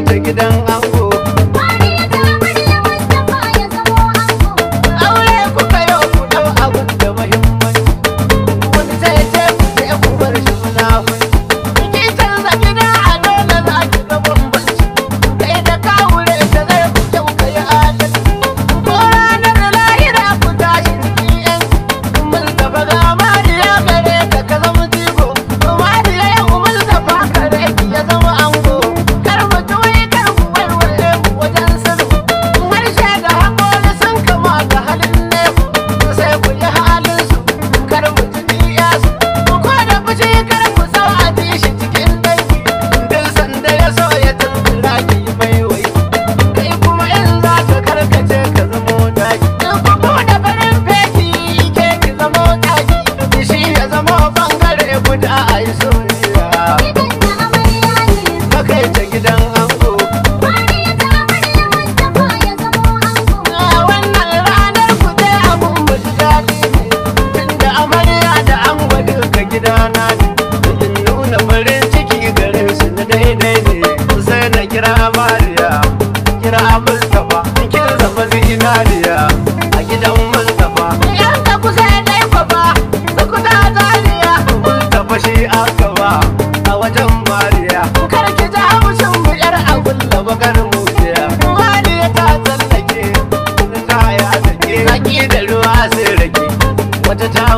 take it, aure rana ne in nuna farin ciki garin su na daidai ne sai na kira mariya kira mustapha kin zama zinariya a gidan mustapha ku kusa dai ko ba su ku kuna zariya mustapha shi aka ba a wajen mariya kar ki ji haushin mu yar abun da bakar mutiya mariya ta tsallake ta ya tsake. zaki da ruwa sai rage wata ta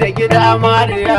da gida mariya.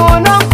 no, no.